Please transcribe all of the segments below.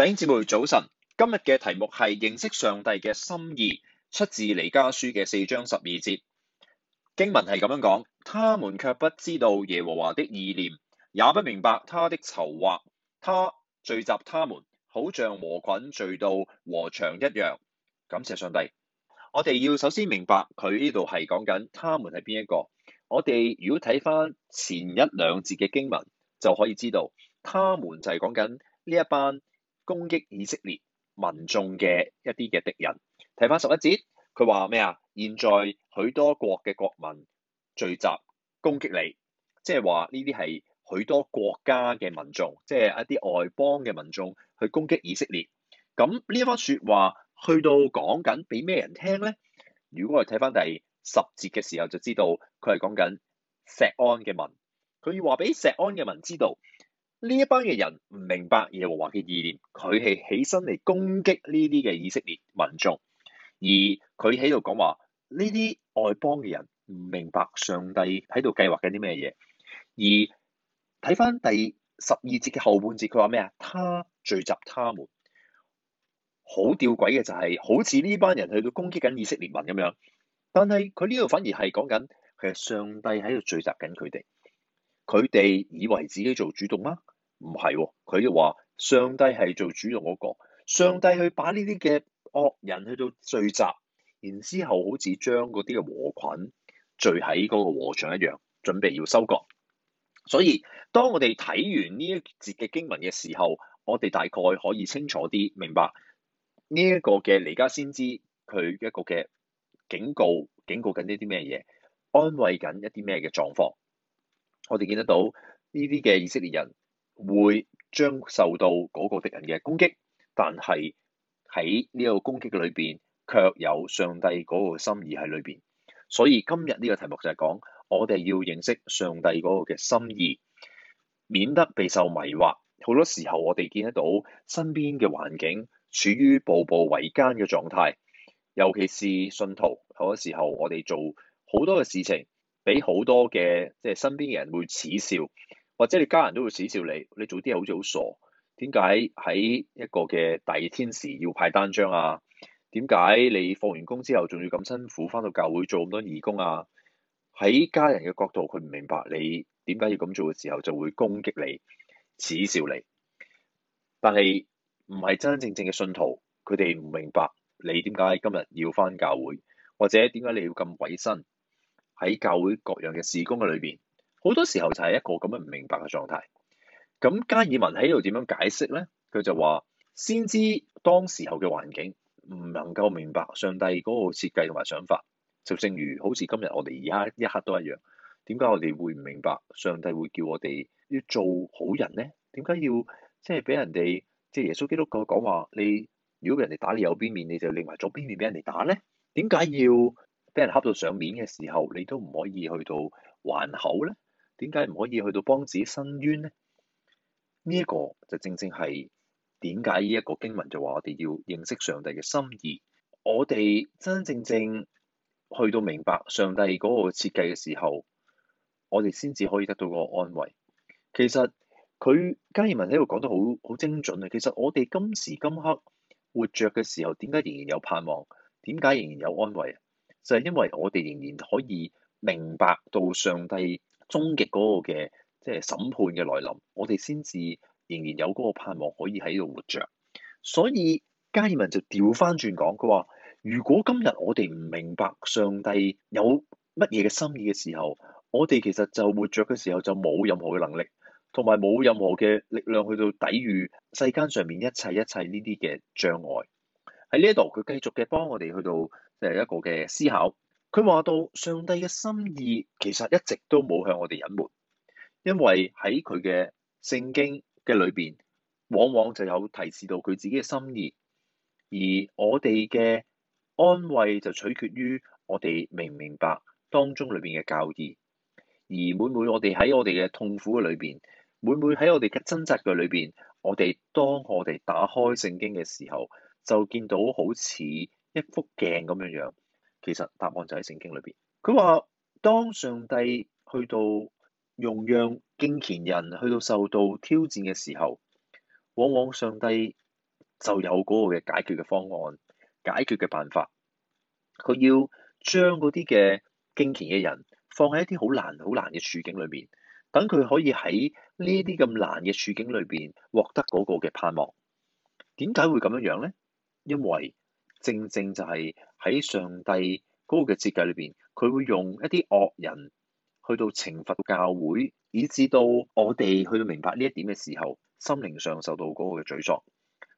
弟兄姊妹早晨，今日嘅題目係認識上帝嘅心意，出自彌迦書嘅四章十二節。經文係咁樣講：他們卻不知道耶和華的意念，也不明白他的籌劃。他聚集他們，好像禾捆聚到禾場一樣。感謝上帝，我哋要首先明白佢呢度係講緊，他們係邊一個？我哋如果睇返前一兩節嘅經文，就可以知道，他們就係講緊呢一班攻擊以色列民眾嘅一啲嘅敵人，睇翻十一節，佢話咩啊？現在許多國嘅國民聚集攻擊你，即係話呢啲係許多國家嘅民眾，即係一啲外邦嘅民眾去攻擊以色列。咁呢番説話去到講緊俾咩人聽咧？如果我哋睇翻第十節嘅時候，就知道佢係講緊錫安嘅民，佢要話俾錫安嘅民知道。呢一班嘅人唔明白耶和華嘅意念，佢係起身嚟攻擊呢啲嘅以色列民眾，而佢喺度講話，呢啲外邦嘅人唔明白上帝喺度計劃緊啲咩嘢。而睇翻第十二節嘅後半節，佢話咩啊？他聚集他們，好吊詭嘅就係、是，好似呢班人去到攻擊緊以色列民咁樣，但係佢呢度反而係講緊，佢係上帝喺度聚集緊佢哋。佢哋以為自己做主動啊，唔係喎，佢就話上帝係做主動嗰個，上帝去把呢啲嘅惡人去到聚集，然之後好似將嗰啲嘅禾捆聚喺嗰個禾場一樣，準備要收割。所以當我哋睇完呢一節嘅經文嘅時候，我哋大概可以清楚啲明白呢一個嘅彌迦先知佢一個嘅警告，警告緊呢啲咩嘢，安慰緊一啲咩嘅狀況。我哋見得到呢啲嘅以色列人會將受到嗰個敵人嘅攻擊，但係喺呢個攻擊裏邊卻有上帝嗰個心意喺裏邊。所以今日呢個題目就係講我哋要認識上帝嗰個嘅心意，免得備受迷惑。好多時候我哋見得到身邊嘅環境處於步步維艱嘅狀態，尤其是信徒，好多時候我哋做好多嘅事情。俾好多嘅即係身邊嘅人會恥笑，或者你家人都會恥笑你。你做啲嘢好似好傻，點解喺一個嘅大熱天時要派單張啊？點解你放完工之後仲要咁辛苦返到教會做咁多義工啊？喺家人嘅角度，佢唔明白你點解要咁做嘅時候，就會攻擊你、恥笑你。但係唔係真真正正嘅信徒，佢哋唔明白你點解今日要返教會，或者點解你要咁鬼委身。喺教會各樣嘅事工嘅裏邊，好多時候就係一個咁樣唔明白嘅狀態。咁加爾文喺度點樣解釋咧？佢就話：先知當時候嘅環境唔能夠明白上帝嗰個設計同埋想法，就正如好似今日我哋而家一刻都一樣。點解我哋會唔明白上帝會叫我哋要做好人咧？點解要即係俾人哋即係耶穌基督講話：你如果俾人哋打你右邊面，你就擰埋左邊面俾人哋打咧？點解要？俾人恰到上面嘅時候，你都唔可以去到還口咧。點解唔可以去到幫自己申冤呢？呢一個就正正係點解呢一個經文就話我哋要認識上帝嘅心意。我哋真真正正去到明白上帝嗰個設計嘅時候，我哋先至可以得到嗰個安慰。其實佢加爾文喺度講得好好精準啊。其實我哋今時今刻活著嘅時候，點解仍然有盼望？點解仍然有安慰？就係因為我哋仍然可以明白到上帝終極嗰個嘅即係審判嘅來臨，我哋先至仍然有嗰個盼望可以喺度活著。所以加爾文就調翻轉講，佢話：如果今日我哋唔明白上帝有乜嘢嘅心意嘅時候，我哋其實就活着嘅時候就冇任何嘅能力，同埋冇任何嘅力量去到抵禦世間上面一切一切呢啲嘅障礙。喺呢一度，佢繼續嘅幫我哋去到。就係一個嘅思考。佢話到上帝嘅心意其實一直都冇向我哋隱瞞，因為喺佢嘅聖經嘅裏邊，往往就有提示到佢自己嘅心意。而我哋嘅安慰就取決於我哋明唔明白當中裏邊嘅教義。而每每，每我哋喺我哋嘅痛苦嘅裏邊，每每喺我哋嘅掙扎嘅裏邊，我哋當我哋打開聖經嘅時候，就見到好似～一幅鏡咁樣樣，其實答案就喺聖經裏邊。佢話當上帝去到容讓敬虔人去到受到挑戰嘅時候，往往上帝就有嗰個嘅解決嘅方案，解決嘅辦法。佢要將嗰啲嘅敬虔嘅人放喺一啲好難、好難嘅處境裏邊，等佢可以喺呢啲咁難嘅處境裏邊獲得嗰個嘅盼望。點解會咁樣樣咧？因為正正就係喺上帝嗰個嘅設計裏邊，佢會用一啲惡人去到懲罰教會，以至到我哋去到明白呢一點嘅時候，心靈上受到嗰個嘅詛咒。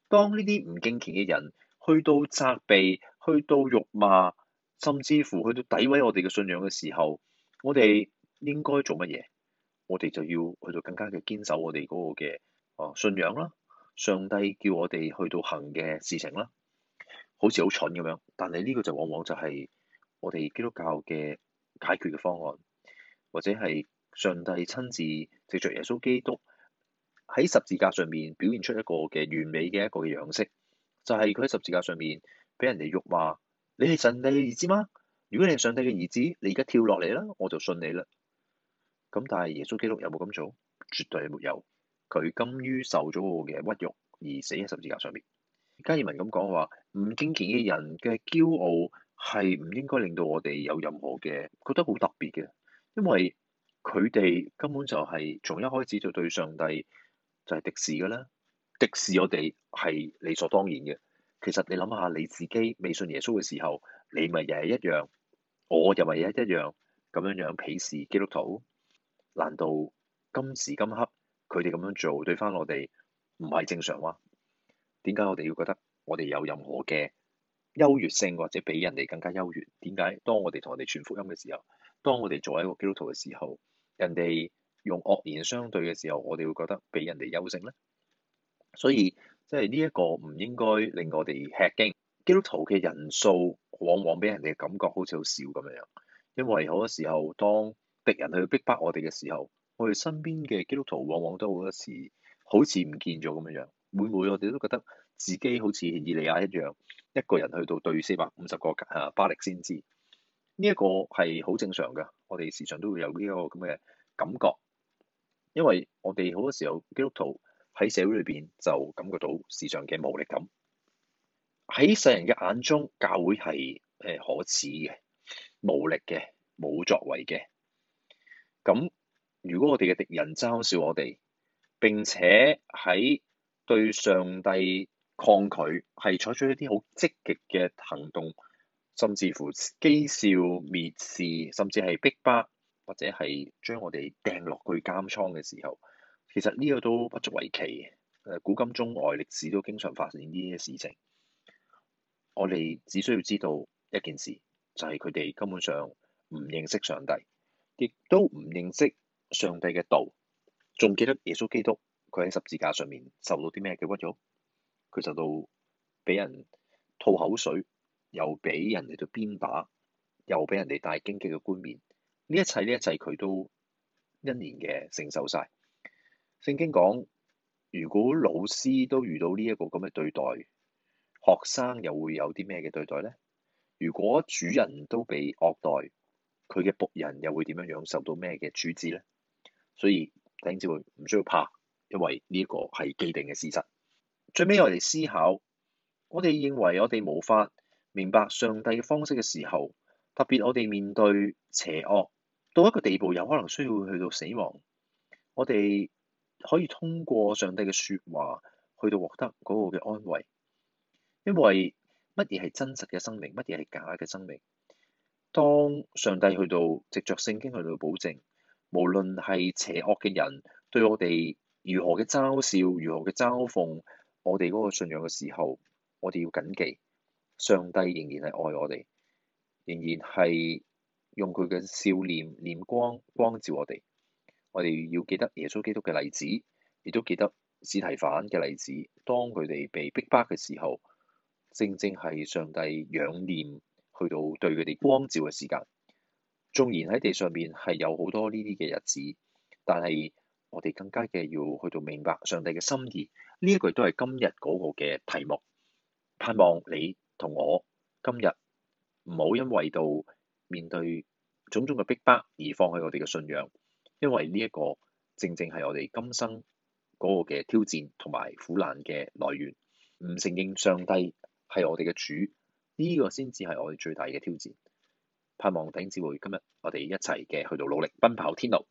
當呢啲唔敬虔嘅人去到責備、去到辱罵，甚至乎去到詆毀我哋嘅信仰嘅時候，我哋應該做乜嘢？我哋就要去到更加嘅堅守我哋嗰個嘅哦信仰啦。上帝叫我哋去到行嘅事情啦。好似好蠢咁樣，但係呢個就往往就係我哋基督教嘅解決嘅方案，或者係上帝親自藉著耶穌基督喺十字架上面表現出一個嘅完美嘅一個嘅樣式，就係佢喺十字架上面俾人哋辱罵，你係上帝嘅兒子嗎？如果你係上帝嘅兒子，你而家跳落嚟啦，我就信你啦。咁但係耶穌基督有冇咁做？絕對係沒有，佢甘於受咗我嘅屈辱而死喺十字架上面。加爾文咁講話，唔敬虔嘅人嘅驕傲係唔應該令到我哋有任何嘅覺得好特別嘅，因為佢哋根本就係從一開始就對上帝就係敵視嘅啦，敵視我哋係理所當然嘅。其實你諗下你自己未信耶穌嘅時候，你咪亦係一樣，我就咪一一樣咁樣樣鄙視基督徒。難道今時今刻佢哋咁樣做對翻我哋唔係正常嗎？點解我哋要覺得我哋有任何嘅優越性，或者比人哋更加優越？點解？當我哋同人哋傳福音嘅時候，當我哋作為一個基督徒嘅時候，人哋用惡言相對嘅時候，我哋會覺得比人哋優勝咧？所以即係呢一個唔應該令我哋吃驚。基督徒嘅人數往往俾人哋感覺好似好少咁樣樣，因為好多時候當敵人去逼迫，迫我哋嘅時候，我哋身邊嘅基督徒往往都好多時好似唔見咗咁樣樣。每每我哋都覺得自己好似以利亞一樣，一個人去到對四百五十個啊巴力先知，呢一個係好正常嘅。我哋時常都會有呢個咁嘅感覺，因為我哋好多時候基督徒喺社會裏邊就感覺到時常嘅無力感，喺世人嘅眼中，教會係誒可恥嘅、無力嘅、冇作為嘅。咁如果我哋嘅敵人嘲笑我哋，並且喺對上帝抗拒係採取一啲好積極嘅行動，甚至乎譏笑蔑視，甚至係逼迫，迫或者係將我哋掟落去監倉嘅時候，其實呢個都不足為奇。古今中外歷史都經常發生呢啲事情。我哋只需要知道一件事，就係佢哋根本上唔認識上帝，亦都唔認識上帝嘅道，仲記得耶穌基督。佢喺十字架上面受到啲咩嘅屈辱？佢受到俾人吐口水，又俾人哋到鞭打，又俾人哋戴荊棘嘅冠冕。呢一切呢一切，佢都一年嘅承受晒。聖經講，如果老師都遇到呢一個咁嘅對待，學生又會有啲咩嘅對待咧？如果主人都被虐待，佢嘅僕人又會點樣樣受到咩嘅處置咧？所以頂住，唔需要怕。因為呢個係既定嘅事實。最尾我哋思考，我哋認為我哋無法明白上帝嘅方式嘅時候，特別我哋面對邪惡到一個地步，有可能需要去到死亡。我哋可以通過上帝嘅説話去到獲得嗰個嘅安慰，因為乜嘢係真實嘅生命，乜嘢係假嘅生命？當上帝去到藉着聖經去到保證，無論係邪惡嘅人對我哋，如何嘅嘲笑，如何嘅嘲諷，我哋嗰個信仰嘅時候，我哋要謹記上帝仍然係愛我哋，仍然係用佢嘅笑念念光光照我哋。我哋要記得耶穌基督嘅例子，亦都記得史提反嘅例子。當佢哋被逼迫嘅時候，正正係上帝仰念去到對佢哋光照嘅時間，縱然喺地上面係有好多呢啲嘅日子，但係。我哋更加嘅要去到明白上帝嘅心意，呢一句都係今日嗰個嘅題目。盼望你同我今日唔好因為到面對種種嘅逼迫，迫而放棄我哋嘅信仰，因為呢一個正正係我哋今生嗰個嘅挑戰同埋苦難嘅來源。唔承認上帝係我哋嘅主，呢個先至係我哋最大嘅挑戰。盼望頂子會今日我哋一齊嘅去到努力奔跑天路。